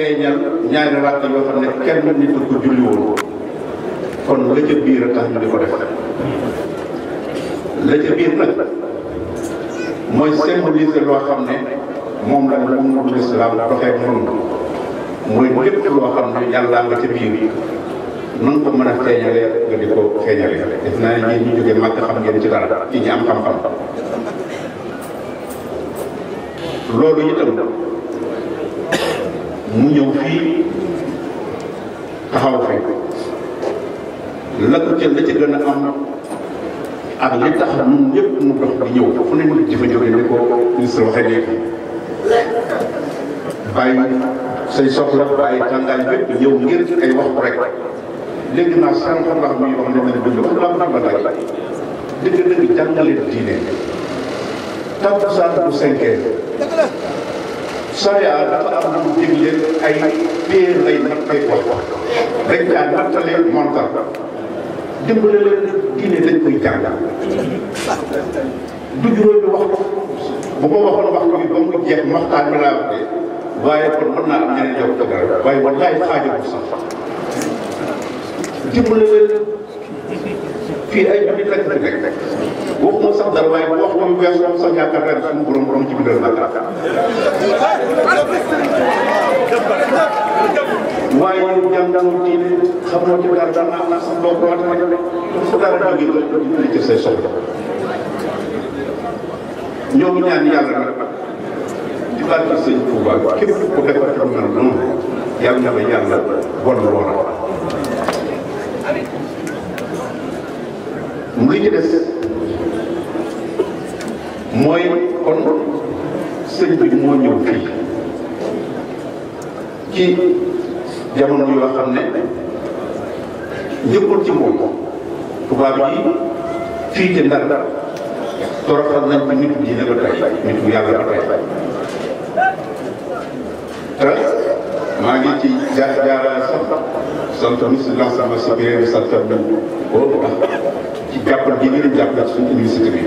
feeñal ñaari waxtu yoo xam ne kenn nit du ko julli woon kon la ca biir a tax ñu di ko def la biir nag mooy symboliser loo xam ne moom la moom la dul islam doxee noonu mooy lépp loo xam ne yàllaa nga ca biir nan ko mën a feeñalee nga di ko feeñalee def naa ne ñu jógee màgg xam ngeen ci dara ci am xam-xam loolu itam mu ñëw fii taxaw fi la ko jël la ci gën a am ak li tax ñun ñëpp mu dox di ñëw fu ne ñu jëfa ni ko ministre waxee léegi bàyyi say soxla bàyyi tàngaay bépp ñëw ngir ay wax rek léegi naa sànq ndax muy wax ne dana dund wax laa ba lay dëgg dëgg jàngale diine takkusaan bu cinq heures sariya dafa am lu mu digle ay péer lay nattee wax dañ caa nattalee montar dimbale leen diine dañ koy jàng du juróomi wax bu ma waxoon waxtu bi ba mu jeex waxtaan bi laa waxee waaye kon mën naa am ñeneen yow dëgg waaye wallaay xaajal bu sax dimbale fii ay jullit rek rek rek rek waxuma sax dara waaye wax lu sax yaakaar naa ne suñu borom borom ci bindal naa dara waaye yow jàng nañu diine xamoo ci dara daan naa am sax doo ko waat rek fu dara jógee rek say soxla ñoo ngi ñaan yàlla nag di baal ci sëñ Touba képp yàlla na la yàlla mu li ci des mooy kon sëñ bi moo ñëw fii ci jamono yoo xam ne njëkkul ci moom tubaab yi fii ci ndar ndar toroxal nañ ko nit diine ba tey nit bu yàlla ba tey maa ngi ci jaar jaaraale sax sant monsieur Lansana Sabiré sant nañ ko. jàppal gi ñu leen jàppal suñu université bi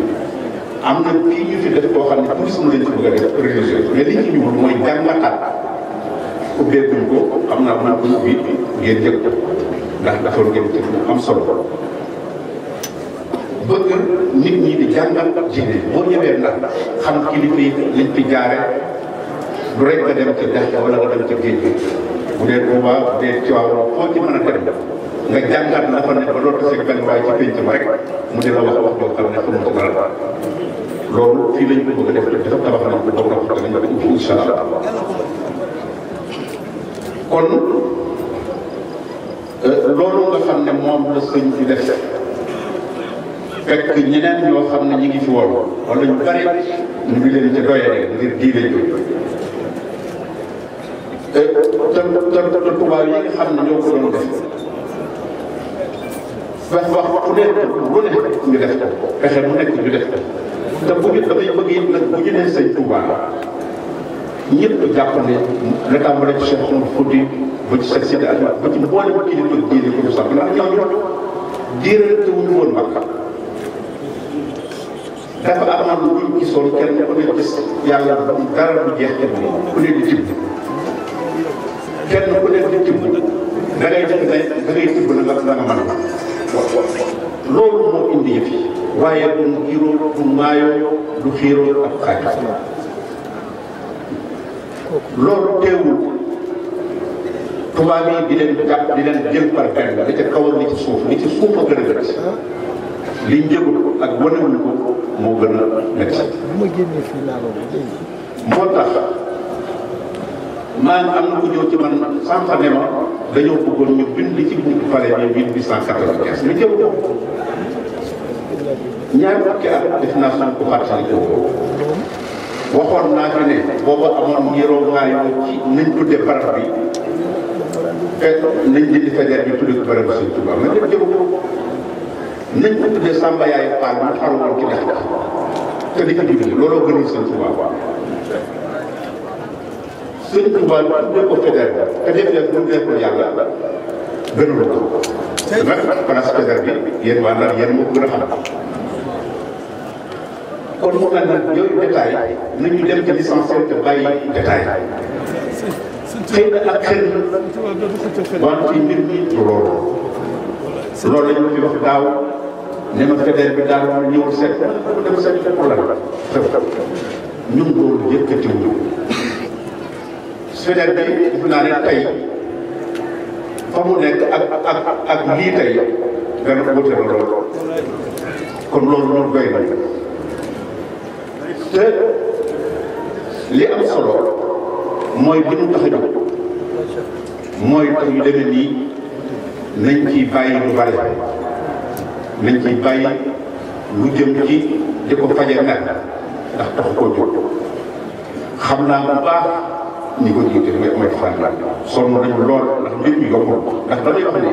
am na kii ñu fi def koo xam ne tourisme lañ ko bëgg a def religieux mooy jàngataat ubbeekuñ ko xam naa mën naa ko ubbi ngeen jël am solo nit ñi di jàngal diine boo ñëwee ndax xam kilifa liñ fi jaare du rek nga dem ca dex wala nga dem ca géej gi bu dee Touba bu dee Tivaouane foo ci mën a dem nga jàngat la fa ne ba loolu seeg benn waaye ci pénc ma rek mu di la wax wax joo xam ne xamul ko dara loolu fii lañ ko bëgg a def dafa tabax nañ ko taw taw danañ ko ubbi incha allah kon euh, loolu nga xam ne moom la sëñ bi def fekk ñeneen ñoo xam ne ñi ngi fi woon wala ñu bari ñu ngi leen ci doyee ngir diine jooju euh, te te te tubaab yi nga xam ne ñoo ko doon def wax wax wax bu nekk bu nekk ñu def ko pexe bu nekk ñu def ko te bu ñu damay bëgg yëpp nag bu ñu nee sëñ Touba ñëpp jàpp ne la tàmbale ci Cheikh Oumar Fouti ba ci Cheikh Sidi Alioune ba ci mboolem kii di jóg diine ko sax ndax ñoom ñoo diirante wuñu woon Makka dafa amoon lu ñu gisoon kenn ku ne gis yàlla dara du jeex kenn ku ne di tibb kenn ku ne di tibb da ngay def da ngay tibb la nga mën a loolu moo indi yëf yi waaye du ngiroo du maayoo du xiiroo ak xaaj loolu teewul tubaab yi di leen jàpp di leen jël ca kaw li ci suuf li ci suuf a gën a gën li njëgul ak wanewul moo gën a métti moo tax maan am na ku ñëw ci man sànq dañoo bëggoon ñu bind ci buntu pare bi 1895 lu jëm ko ñaari fukki at def naa suñ ko fàttali ko waxoon naa fi ne booba amoon yëroo naa yoo ci nañ tudde barab bi fekk nañ jëndi fajar bi tudde ko barab bi sëñ Tuubaa ma def jëm nañ ko tudde Samba Yaay Fall mu xaru woon ci dex te di ko julli looloo gënul sëñ Tuubaa sëñ Touba tuddee ko Faidherbe te bi yéen waa Ndar yéen moo ko gën a xam. kon mu mel nag yooyu détail nañu dem ci l'essentiel te bàyyi détail xëy na ak xëy na wante mbir mi du loolu. loolu la ñu fi wax daaw ne ma bi daaw ñu ñëw seet dama seet problème la. ñun loolu yëkkatiwuñu feneen bi defe naa ne tey fa mu nekk ak ak lii tey dana ko wute lool kon loolu loolu doy te li am solo mooy bu ñu tax a mooy tax yu nii nañ ci bàyyi lu bare nañ ci bàyyi lu jëm ci di ko faje mer ndax taxu koo jóg xam naa bu baax ñi ko jiite mooy mooy Fane Lam sonn nañu lool ndax mbir mi yombul ndax damay wax ne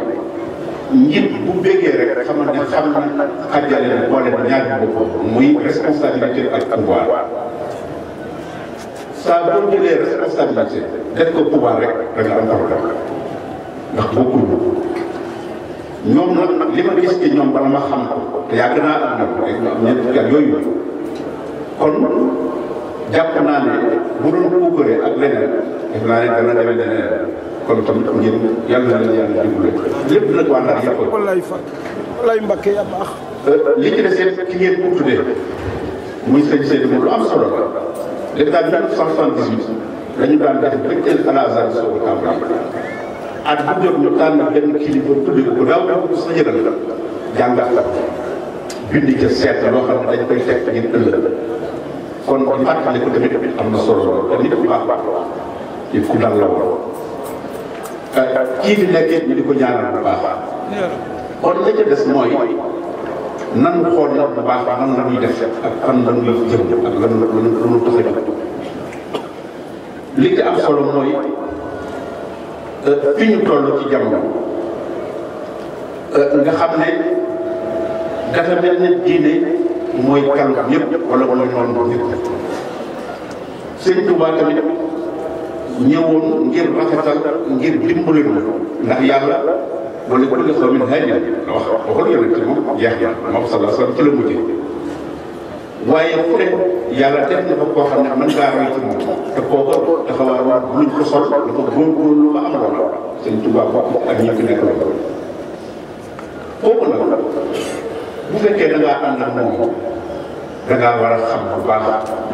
njiit bu bëggee rek xam ne xam na xajale na boole na ñaari bopp muy responsabilité ak pouvoir saa boo jëlee responsabilité ko pouvoir rek ñoom nag li ma gis ci ñoom bala ma xam ko te yàgg naa am na ko rek ñoom yooyu kon. jàpp naa ne bu doon puukaree ak leneen def naa ne dana demee leneen kon tamit ngir yàlla na yàlla dimbale lépp nag waa Ndar yàpp wallaay fa wallaay Mbakke ya baax euh, li ci des it ki ngeen ko tuddee muy sëñ Seydou mu lu am solo la depuis 1978 dañu daan def bëccëg à la zone soo ko tàmbali at bu jot ñu tànn benn kilifa tuddee ko la jàngat la bind ca seet loo xam ne dañ koy teg ngir ëllëg kon kon fàttali ko tamit am na solo lool kon itam nit ku dal la kii fi nekkee ñu di ko ñaanal bu baax kon la ca des mooy nan xool nag bu baax nan la ñuy def ak fan la ñuy jëm ak lan la lu ñu tax a li ci am solo mooy fi ñu toll ci jamono nga xam ne dafa ne diine mooy kan ñëpp wala mooy noonu ñëpp. sëñ Tuubaa tamit ñëwoon ngir rafetal ngir dimbali ndax yàlla wala ku nekk soo mel ni wax waxul yonent ci moom jeex na moom sallallahu alayhi wasallam ci la mujj waaye fu ne yàlla def na fa koo xam ne mën ngaa roy ci moom te kooku dafa war a luñ ko sol dafa góorgóorlu ba am loolu sëñ Tuubaa bokk ak ñi fi nekk la kooku nag bu fekkee da ngaa ànd ak moom da ngaa war a xam bu baax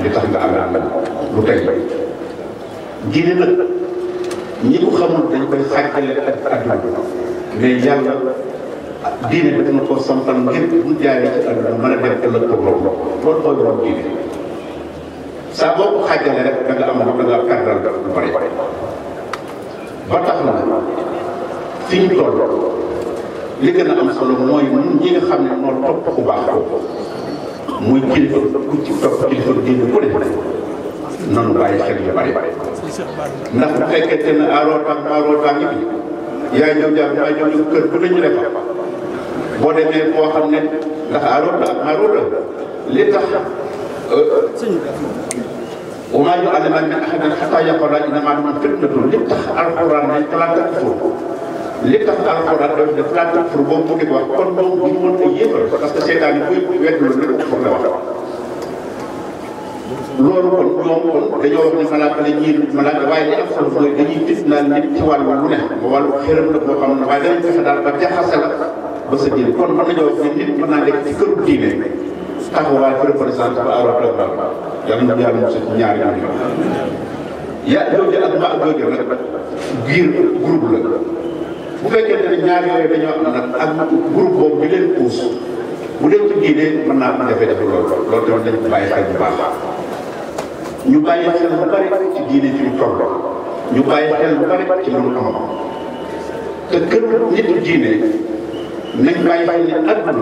li tax nga amee ànd ak lu tey bay diine nag ñi ko xamul dañ koy xaajale ak adduna mais yàlla diine bi dana ko sampal ngir bu jaaree ci adduna mën a dem ëllëg ko borom loolu mooy borom diine saa boo ko xaajale rek da nga am lu da nga perdal lu bari ba tax na fi ñu toll li gën a am solo mooy ñun xam ne moo topp ku baax mu muy kilifa ku ci topp kilifa diine ku na noonu bàyyi xel yu bari ndax bu fekkente ne arootaan arootaan yi bi yaay ñëw jàpp yaay ñëw kër bu dañu def boo demee koo xam ne ndax arootaan arootaan li tax euh, wa maa yu'allimaani min ahadin hattaa yaqulaa innamaa nahnu fitnatun li tax alxuraan ne talaa takfur li tax alxuraan doon mu di wax kon moom du mën a yéemal parce que seetaan yi kuy wedd lu ne foog la wax loolu kon ñoom kon dañoo wax ne malaaka la ñuy malaaka waaye li am solo mooy dañuy gis naan nit ci wàllu lu ne ba wàllu xëram la boo xam ne waaye danañ ba jaxase ba sa jël kon mën nañoo wax ne nit mën naa nekk këru diine taxawaay représenté ba aaro programme yàlla ñu yàlla mos ci ñaari ñaari yoon yaa jooju ak mbaa jooju rek biir groupe la bu fekkente ne ñaar yooyu dañoo am nag ak groupe boobu ñu leen puus bu leen ci diine mën naa am jafe-jafe loolu loolu tamit dañ ko bàyyi xel bu baax ñu bàyyi xel bu bari ci diine ci lu toll ñu bàyyi xel bu bari ci lu mu xamam te kër nit diine nañ bàyyi xel ne adduna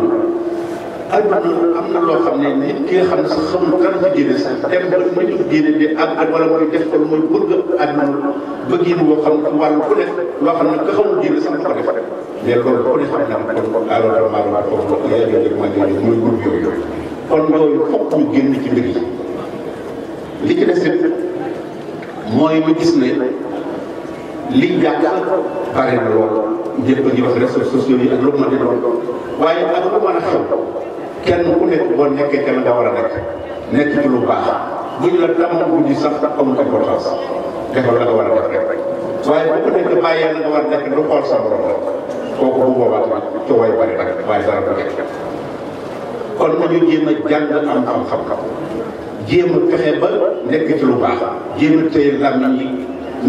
adduna am na loo xam ne nit ki nga xam ne sax xamul dara ci diine sax dem ba ma ñu diine di ak wala mooy def ko mooy bëgg adduna bëggin boo xam ne wàllu ku ne loo xam ne ka xamul diine sax du ko def mais loolu ku ne xam naa kon alors que maa ngi foofu la yàlla jël ma jël mooy groupe yooyu kon loolu fokk ñu génn ci mbir yi li ci des it mooy ma gis ne liñ jàpp bare na lool ñëpp a ngi wax réseaux sociaux yi ak lu ma di doon waaye ak lu mën a xew kenn ku nekk boo nekkee kenn nga war nekk nekk lu baax bu la tàmm bu ñu sax amul importance defal la nga a def a nekk du xool sa borom rek kooku bu boobaa kon nañu jéem a jàng am am xam-xam jéem fexe ba nekk ci lu baax yi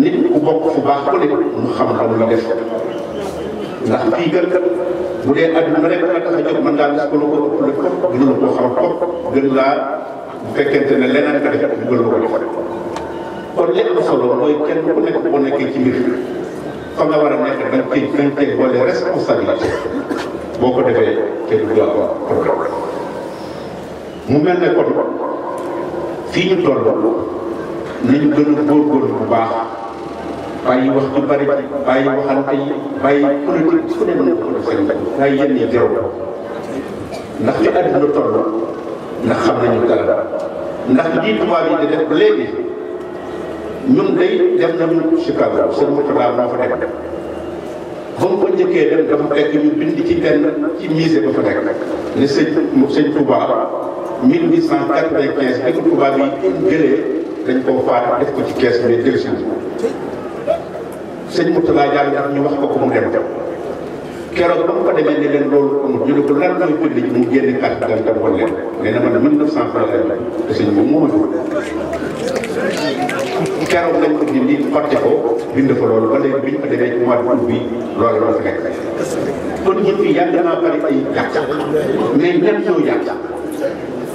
nit ku bokk fu baax ku nekk mu xam-xam la def ndax lii gën kat bu dee àdduna a la tax a jóg mën ngaa gis ko lu ko lu ko gën ko xam ne leneen nga def bu ko jox kon lépp solo mooy kenn ku nekk boo nekkee ci mbir fa nga war a nekk dañ koy dañ koy boole responsabilité boo ko defee te du la problème mu mel ne kon fii ñu toll nañu gën a góorgóorlu bu baax. bàyyi wax ju bari bàyyi waxante yi bàyyi politique fu ne mën ko def sëriñ waaye yéen ñi teew ndax fi àdduna toll ndax xam nañu dara ndax lii tubaab yi di def ba léegi ñun day dem nañu Chicago seen Mourtada moo fa dem ba mu ko njëkkee dem dafa fekk ñu ci benn ci musée ba fa nekk ne sëñ sëñ Touba 1895 bi ko tubaab yi jëlee dañ koo faat def ko ci kees bi dellusi sëñ Mourtala Diallo yi ñu wax ko ko mu dem dem keroog ba mu ko demee ne leen loolu ko lan mooy julli la te sëñ bi moo ma jóg keroog lañ ko dindi xotti ko bind fa loolu ba léegi bi ñu ko demee ci mois la fa nekk kon yëpp yi yàgg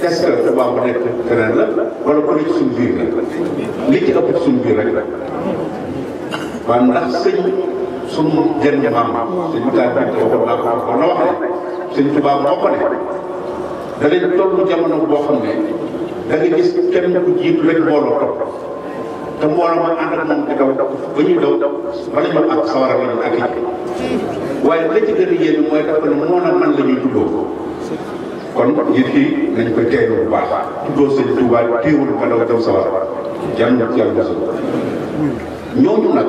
que tubaab la wala ko nekk suñu suñu biir rek waaye ndax sëñ sunu jënd maam sëñ bi daal di ko wax kon na wax ne sëñ Tuubaa moo ko ne danañ da nga gis ma ànd ak moom waaye la ci gën a yéen mooy dafa ne moo na man la ñuy tuddoo kon nit nañ koy teelu bu baax si sëñ Tuubaa téewul ba daw daw sawara jàmm jàmm ñooñu nag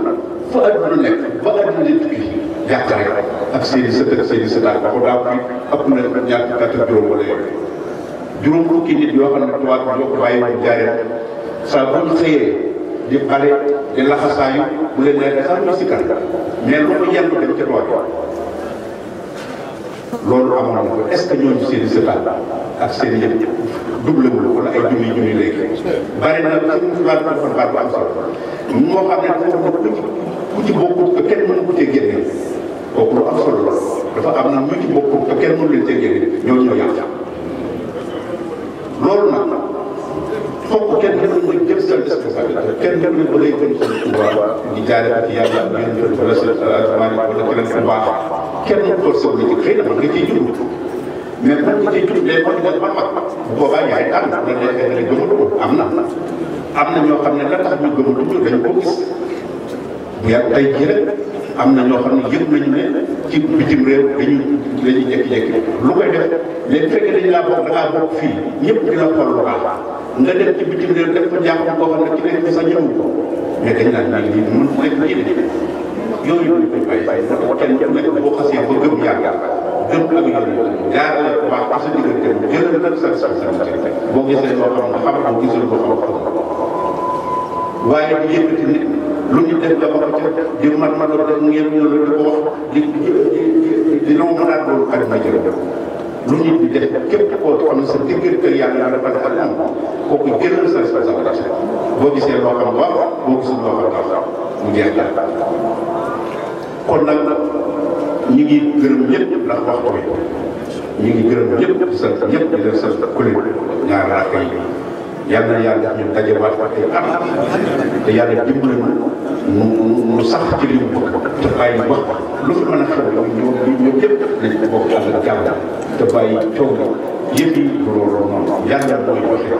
fa adduna nekk ba adduna tukki jàkk rek ak seen sët ak seen i sëtaat waxu daaw bi ëpp na ñaar fukki juróom wala yooyu juróom fukki nit yoo xam ne tubaab bi ko bàyyi bu jaaree saa bu ñu xëyee di pare loolu amoon na ko est ñooñu seen i ak seen i yëpp double wul wala ay junni junni léegi bari na suñu tubaab bi dafa baat bu am solo moo xam ne dafa ko ku ci bokkul te kenn mënu ko cee génne kooku lu am solo la dafa am na ñu ci bokkul te kenn mënu leen cee génne ñoo ñoo yàq loolu nag fokk kenn mënu ma jël sa responsabilité kenn mënu ba lay jël sa Tuuba di jaare ci yàlla ak yéen wala sa almaani wala keneen bu baax kenn mënu ko soog ci xëy na mën nga ciy jublu mais mën nga ciy jublu day mën nga mag bu boobaa yaay am na la neexee nga gëmatu ko am na am na ñoo xam ne la tax ñu gëmatu ñu dañ ko gis yàgg tey jii rek am na ñoo xam ne yëpp nañu ne ci bitim réew dañuy dañuy jékki-jékki lu koy def léegi fekk dañu laa bokk da ngaa bokk fii ñëpp dina xool local nga dem ci bitim réew def ko jàpp boo xam ne ci nekk sax ñëwul ko mais dañ naan naan lii mën nekk jënd yooyu ñu koy bàyyi moo tax kenn ku nekk boo xasee ba gëm yàlla gëm ak yoon jaarale ko baax parce que diggante jëlal nag sa sa boo gisee loo xam nga xam-xam gisul ko xam-xam waaye bu yëkkati nit lu ñu def la ba ca di mat mat la def ngeen ñëw la di wax di di di non mënaat loolu ma jël lu nit di def képp koo xam ne sa diggante yàlla dafa dafa am kooku jëlal sa responsabilité boo gisee loo xam baax boo gisul loo xam mu jeex la kon nag ñu gërëm ñëpp ndax wax ko ñu ngi gërëm ñëpp sant ñëpp di yal na yàlla def ñu dajewaat ay at te yàlla dimbali nu nu nu sax ci li mu bëgg te bàyyi wax lu fi mën a xew ñoom ñoom ñoom ñëpp nañ ko bokk ànd ak jàmm te bàyyi coow yëpp yi loolu noonu yàlla mooy waxe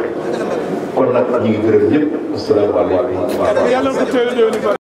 kon nag ñu ngi gërëm ñëpp asalaamaaleykum wa rahmatulah